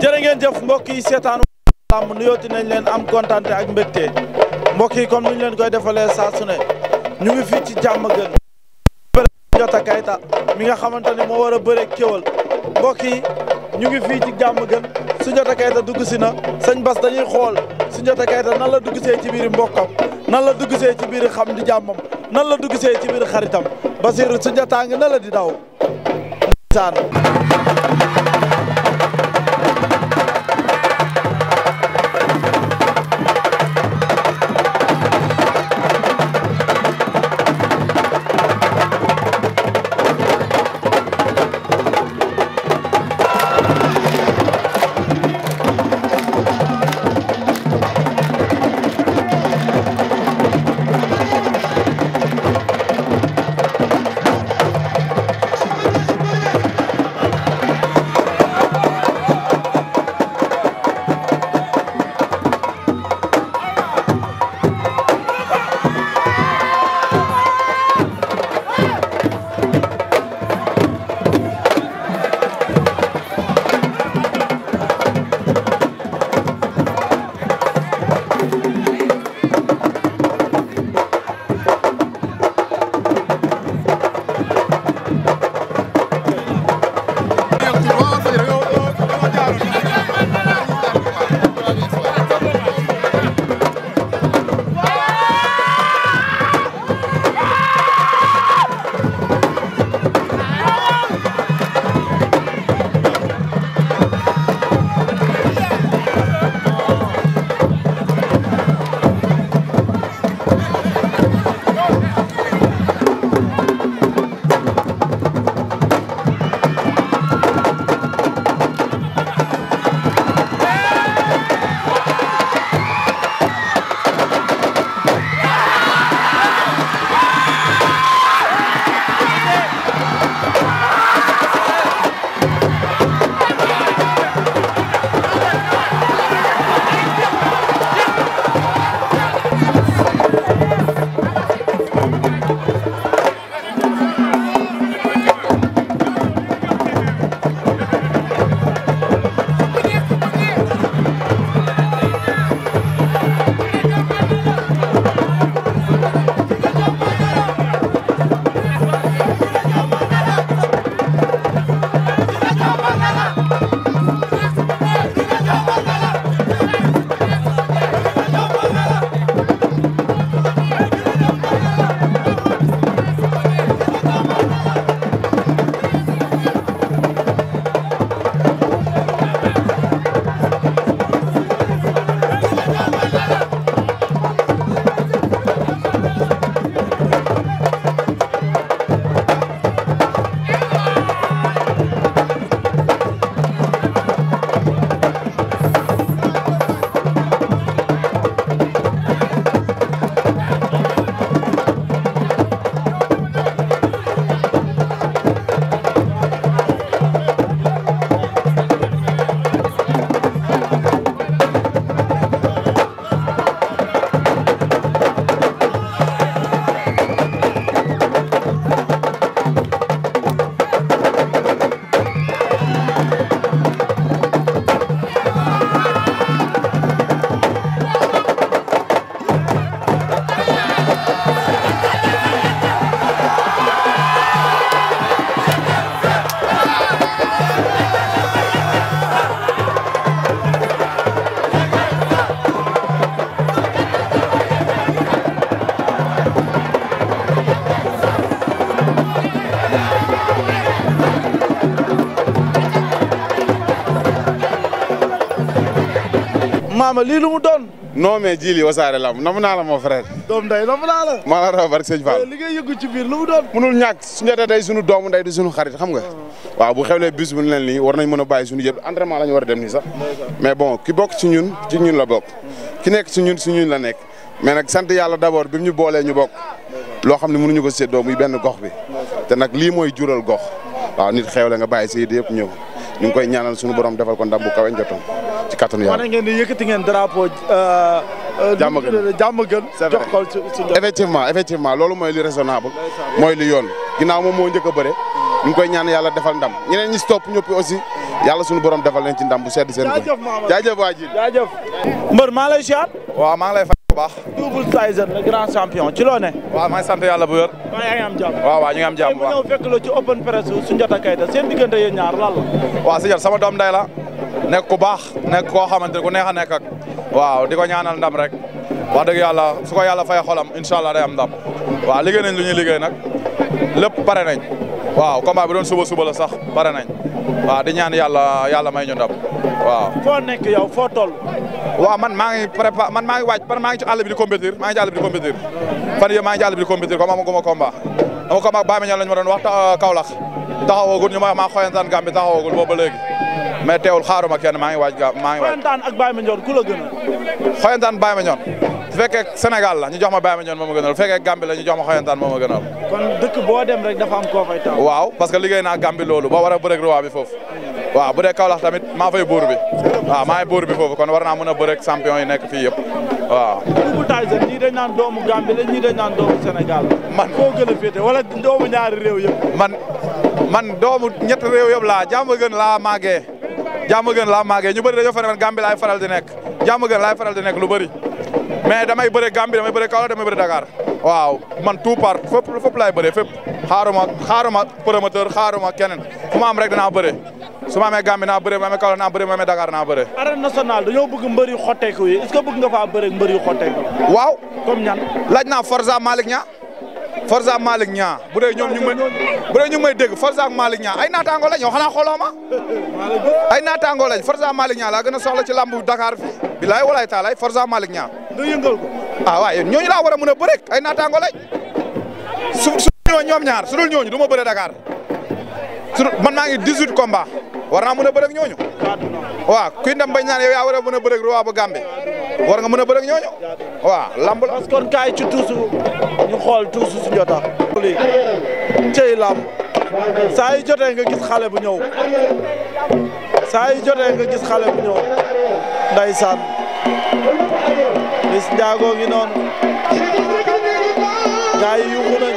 jërë ngeen jëf mbokk yi seetaanu làmb nuyooti nañ leen am kontaan ak mbégte mbokk yi comme ni ñu leen koy defalee saa su ne ñu ngi fii ci jàmm gën Jota Kayta mi nga xamante ne moo war a bëre mbokk yi ñu ngi fii ci jàmm gën Sunjata Kayta dugg si na sëñ Bas dañuy xool su Sunjata Kayta nan la dugg see ci biir mbokkam nan la dugg see ci biir xam di jàmmam nan la dugg see ci biir xaritam Basiru Sunjata ngi na la di daw maama lii lu mu doon. non mais ji lii wasaare lamb namu naa la mon frère. doom day namu naa la. maa la raw barke sëñ Fall. li ngay ci biir lu mu doon. munul ñàkk suñu day suñu doom nday di suñu xarit xam nga. Ah. waaw bu xewlee bis bu ñu nii war nañ mën a bàyyi suñu yëpp entraînement la ñu war a dem nii sax. mais bon ki bokk ci ñun ci ñun la bokk. ki nekk si ñun ci ñun la nekk. mais nag sant yàlla d'abord bi ñu boolee ñu bokk. loo xam ne mënuñu ko séddoo muy benn gox bi. te nag lii mooy jural gox. waaw nit xewle nga bàyyi sa yëpp ñëw ñu ngi koy ñaanal suñu borom defal ko ndam bu kawe njottam ci kattanu yàlla. wane ngeen ngeen drapeau. Euh, euh, jàmm effectivement loolu mooy li raisonnable. mooy li yoon ginnaaw moom moo njëkk a bëre. ñu ngi koy ñaan yàlla defal ndam ñeneen ñi stop ñëpp aussi yàlla suñu borom defal leen ci ndam bu sedd seen. jaajëf Maama Mbër maa lay maa lay fay. waa baax. Double Tyson la ci open press Soundiata Keita seen diggante yéen sama doom day nekk ku baax nekk koo xamante ne ku neex a nekk ak. waaw di ko ñaanal ndam rek wax dëgg yàlla su ko yàlla fay xolam incha allah day am ndam waaw liggéey nañ lu ñu liggéey nag lépp pare nañ waaw combat bi doon suba suba la sax pare nañ waaw di ñaan yàlla yàlla may ñu ndam waaw. nekk yow foo toll. waa man maa ngi prépa man maa ngi waaj par maa ngi ci bi di compétir maa ngi ci àll bi di compétir fan yii maa ngi ci àll bi di compétir comme amaguma combat ama combat bàyyi ma ñaan lañ ma doon wax euh, Kaolack taxawagul ñu ma wax maa xoyantaan gàmm bi taxawagul boobu ba léegi mais teewul xaaruma kenn maa ngi waaj gàmm maa ngi waaj. taan ak bàyyi ma ñoon a. xoyantaan bàyyi ñoon bu fekkee Sénégal la ñu jox ma Baye Mandione moom a gënal bu la ñu ma xoyantaan moom a gënal. kon dëkk boo dem rek dafa am koo waaw parce que liggéey naa Gambie loolu ba war a bëreeg roi bi foofu. waaw bu dee Kaolack tamit maa fay buur bi waaw maa ngi buur kon war naa mën a bëreeg champion yi nekk fii yëpp waaw. Double Tyson ñii dañ naan doomu Gambie la man foo gën a féete wala doomu ñaari réew yëpp. man man doomu ñetti réew yëpp laa jàmm gën laa màggee jàmm gën laa màggee ñu bëri dañoo fa laay faral di nekk jàmm gën laay faral di lu bëri mais damay bëre Gambie damay bëre Kaolack damay bëre Dakar waaw man tout part fépp fépp laay bëree fépp xaaruma xaaruma promoteur xaaruma keneen fu ma am rek danaa bëre su ma amee Gambie naa bëre ma amee Kaolack naa bëre ma amee Dakar naa bëre. arène nationale dañoo bëgg mbër yu xotteeku ko est-ce que bëgg nga faa bëre mbër yu xotteeku. waaw laaj naa Forza Malick Niang Forza Malick Niang bu dee ñoom ñu may bu dee ñu may dégg Forza Malick Niang ay naataango lañ yow xanaa xooloo ma ay naataango lañ Forza Malick Niang laa gën a soxla ci lambu Dakar fii bilaay walaay taalaay Forza nga yëngal ko. ah waaye ñooñu laa war a mën a bëre ay naataango su su ñooñu ñoom ñaar su dul ñooñu du ma bëre Dakar su man maa ngi 18 combat war naa mun a bëre ak ñooñu. waaw kuy ndam bañ naan yow yaa war a mën a bëre bu Gambe war nga mën a bëre ak ñooñu. waa lamb la. kon kaay ci tuusu ñu xool tuusu su jota. lii cey lamb saa yu jotee nga gis xale bu ñëw saa yu jotee nga gis xale bu ñëw ndeysaan. Liss Ndiago ngi noonu gaay yi yuuxu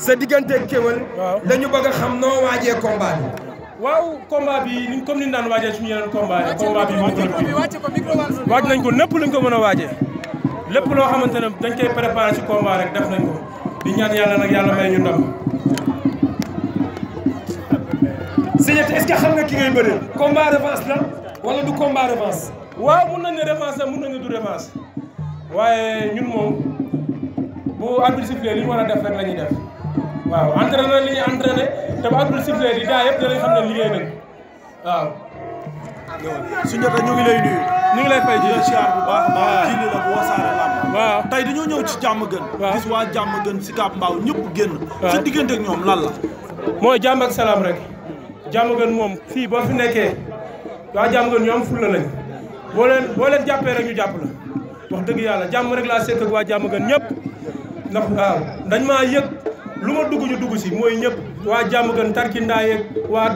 sa diggante Kéweul. waaw dañu bëgg a xam noo waajee combat bi. waaw combat bi ni comme ni ñu daan waajee suñu yeneen combat yi combat bi waaj nañ ko népp lañ ko mën a waaje lépp loo xamante ne dañ koy préparé ci combat rek def nañ ko di ñaan yàlla nag yàlla may ñu ndam. Sénégal est-ce xam nga ki ngay bëri. combat revanche la wala du combat revanche. waaw mun nañ ne revanche la mun nañ ne du revanche waaye ñun moom bu arbitre sifflé li ñu war a def rek la ñuy waaw entraîné li ñuy entraîné te bu àggul sifflé yi yëpp danañ xam ne liggéey nañ waaw. suñu jota ñu ngi lay nuyu. ñu ngi lay fay di siyaar bu baax a baax kii nii la bu wasaare lamb. waaw tey dañoo ñëw ci jàmm gën. waaw gis jàmm gën si Kapp Mbaaw ñëpp génn. waaw sa diggante ak ñoom lan la. mooy jàmm ak salaam rek. jàmm gën moom fii boo fi nekkee waa jàmm gën ñoom fulla lañ boo leen boo leen jàppee rek ñu jàpp la wax dëgg yàlla jàmm rek laa sekk ak waa jàmm gën ñëpp ndax waaw lu ma dugg ñu dugg si mooy ñëpp waa jàmm gën tarkindaa yeeg waa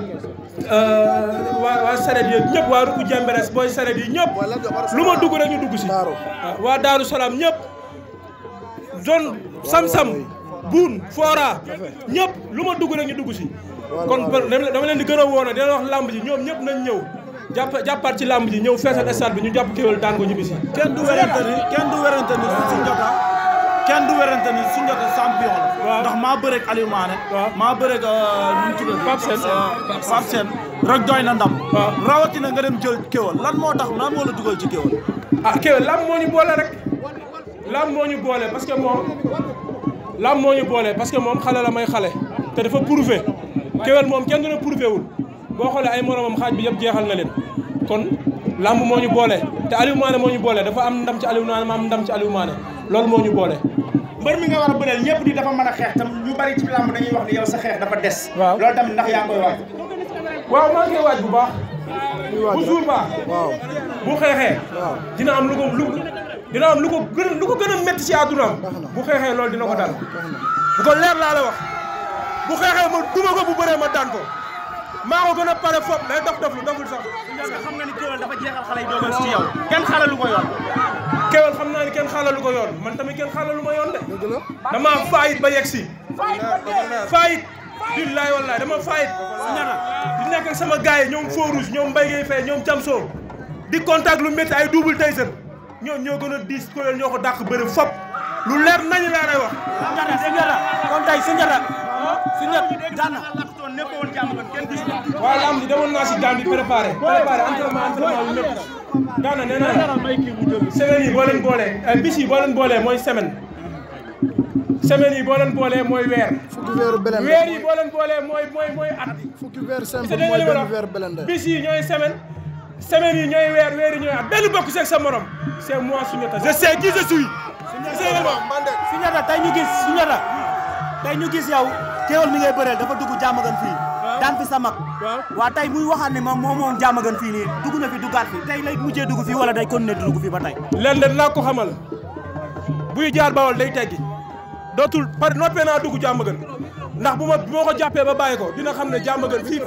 euh, waa waa saret yeeg ñëpp waa ruku jemberes booy saret yi ñëpp lu ma dugg rek ñu dugg si ah, waa daaru salaam ñëpp zone sam-sam buun foora ñëpp lu ma dugg rek ñu dugg si kon dama leen di gën a woona dina wax làmb ji ñoom ñëpp nañ ñëw jàpp jàppaat ci làmb ji ñëw feesal stade bi ñu jàpp kéwél daan ko ñibbisi kenn du werante ni kenn du werante ni kenn du werante ni Soundiata champion la. ndax maa bëreeg Aliou Mané. maa bëreeg euh, nu mu tuddati. Pape Sène Pape Sène rek doy na ndam. rawatina nga jël kéwal lan moo tax lan moo la dugal ci kéwal. ah kéwal lam moo ñu boole rek. lam moo ñu boole parce que moom. lam moo ñu boole parce que moom xale la xale. te dafa prouvé. kéwal moom kenn dina prouvé wul. boo xoolee ay moromam xaaj bi yëpp jeexal na leen. kon lamb moo ñu boole te Aliou Mané moo ñu boole dafa am ndam ci Aliou Mané ma am ndam ci Aliou Mané loolu moo ñu boole. mbër mi nga war a bëreel di dafa mën a xeex tam ñu bari ci làmb dañuy wax ni yow sa xeex dafa des. waaw loolu tamit ndax yaa ngi koy waaj. waaw maa ngi koy bu baax. bu jour baax. bu xeexee. dina am lu ko lu dina lu ko gën lu ko gën a métti ci àddunaam. bu xeexee loolu dina ko dal. bu ko leer laa la wax. bu xeexee ma duma ko bu bëree ma daan ko. maa ko gën a pare foofu day dof dof lu doful sax. xam nga ni kéwél dafa jeexal lu ko yoon kewal xam naa ni kenn xaalalu ko yoon man tamit kenn xaalalu ma yoon de. dama faayit ba yegg si. faayit billaay wallaay dama faayit ñana di nekk ak sama gars yi ñoom feu rouge ñoom Mbaye Gueye Faye ñoom Jamso di contact lu métti ay double Tyson ñoo gën a diis ko leen ñoo ko dàq bëri fop lu leer nañu laa lay wax. Sinjata Sinjata kon tey Sinjata. Sinjata daan na. waaw lamb bi demoon naa si daan bi préparé. préparé entraînement entraînement lu métti daana nee naa semaine yi boo leen boolee euh, bis yi boo leen mooy semaine semaine yi boo leen boolee mooy weer. fukki yi boo leen boolee mooy mooy mooy at. fukki weer simple yi ñooy semaine. semaine yi ñooy weer weer yi ñooy at benn bokk seeg sa morom c'est moi Souniata je sais qui je suis. Souniata tey ñu gis Souniata tey ñu gis yow teewul mi ngay bëreel dafa dugg jàmm gan fii. daan fi sa mag waaw tey muy waxaat ne ma moo moom jaam a gën fii nii dugg na fi duggaat fi tey lay mujjee wala day continuer di dugg fii ba tey lenn de naa ko xamal buy jaar bawol day teggi dootul par noppee naa dugg jaam a ndax bu ma boo ko jàppee ba bàyyi ko dina xam ne jàmm gën fii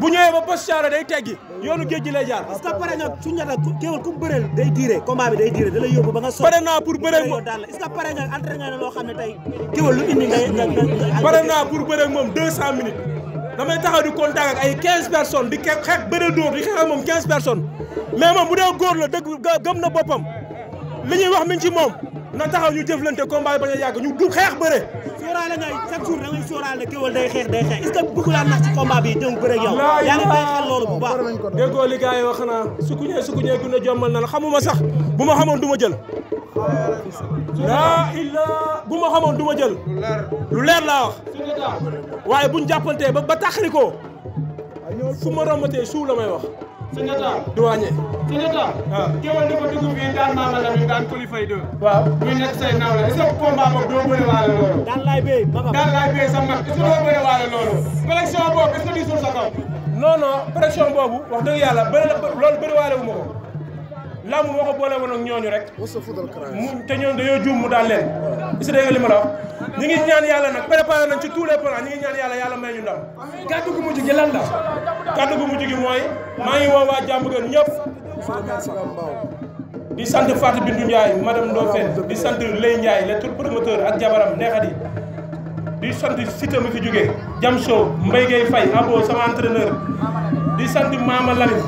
bu ñëwee ba bés caare day teggi yoonu géej gi lay jaar. parce que pare nga suñu ñaata kéwal ku mu day diire combat bi day diire da yóbbu ba nga. so pare naa pour bëree moom est-ce que nga entraîné loo xam ne tey kéwal lu indi ngay. damay taxaw di contact ak ay 15 personnes di xeex xeex bëre dóor di xeex ak moom 15 personnes mais moom bu dee góor la dëgg gëm na boppam li ñuy wax mi ngi moom. na taxaw ñu jëflante combat bañ a yàgg ñu du xeex bëre. sóoraale ngay chaque jour da ngay sóoraale kéwal day xeex day xeex est ce que bëgg naa nax ci combat bi jëm bëre ak yow. yaa ngi bàyyi xel loolu bu baax. déggoo li gars wax naa sukuñee sukuñee gu jommal na la xamuma sax bu ma xamoon du ma jël. laa ma xamoon du ma jël. lu leer laa wax. waaye buñ jàppantee ba ba taxari ko fu ma rombatee suuf la wax. sëñ Atta duwaañe sëñ Atta waaw géwal dafa dugg fii daan maama la ñu daan boobu doo bëri yàlla bëri na loolu wu ko lamb moo ko boole woon ak ñooñu rek mu te ñooñu dañoo juum mu daan leen ma la ñi ngi ñaan yàlla nag préparé nañ ci tous les plans ñi ngi ñaan yàlla yàlla may ñu ndam kàddu gu mujj gi lan la kàddu gu mujj gi mooy maa ngi woo jàmm gën ñëpp di sant Fatou Bintou Ndiaye madame Ndofène di sant Lay Ndiaye le tour promoteur ak jabaram neexat yi di sant Siteu mi fi jógee jam show Mbaye Gueye sama entraîneur di sant Mama Lamine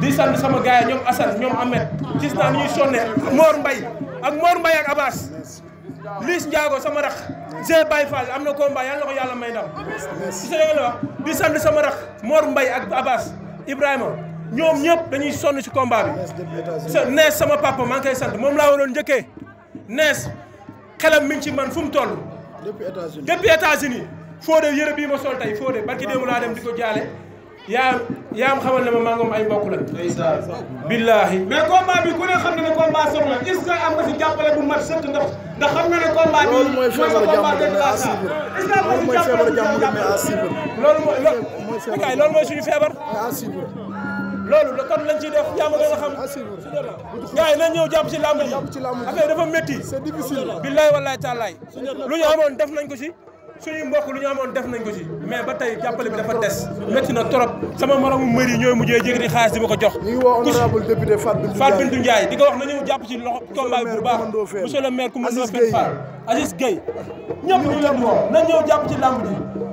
di sant sama gars yi ñoom Assane ñoom Ahmed gis naa ni ñuy sonne Mor Mbaye ak Mor Mbaye ak Abbas Luis Ndiago sama rax Zé Baye Fall am na combat yàlla na ko yàlla may ndam si la wax di sant sama rax Mor Mbaye ak Abbas Ibrahima ñoom ñëpp dañuy sonn ci combat bi nees sama papa maa ngi koy sant moom laa waroon njëkkee nees xelam mi ci man fu mu toll depuis États-Unis foo de yëre bii ma sol tey foo de barki démb laa dem di ko jaale yaa yaam xamal ne ma maa ay mbokk la jàppale bu mat sëkk ndax ndax xam nga ne combat bi. loolu mooy feebaru jàmm bi mais à suivre loolu mooy feebaru jàmm bi mais à feebar. mais à suivre. loolu la def jàmm nga xam. à suivre gars yi nañ ñëw jàpp ci làmb ji. affaire dafa métti. lu ñu amoon def nañ ko ci. suñu mbokk lu ñu amoon def nañ ko ci mais ba tey jàppale bi dafa des métti na trop sama moromu mëri ñooy mujjee jëkkati xaalis di ma ko jox ñu ngi woo honorable député di ko wax nañu jàpp ci loxo combat bu baax monsieur le maire Coumba Ndoffène Fall Aziz Gueye ñëpp ñu leen woo nañ ñëw jàpp ci làmb ji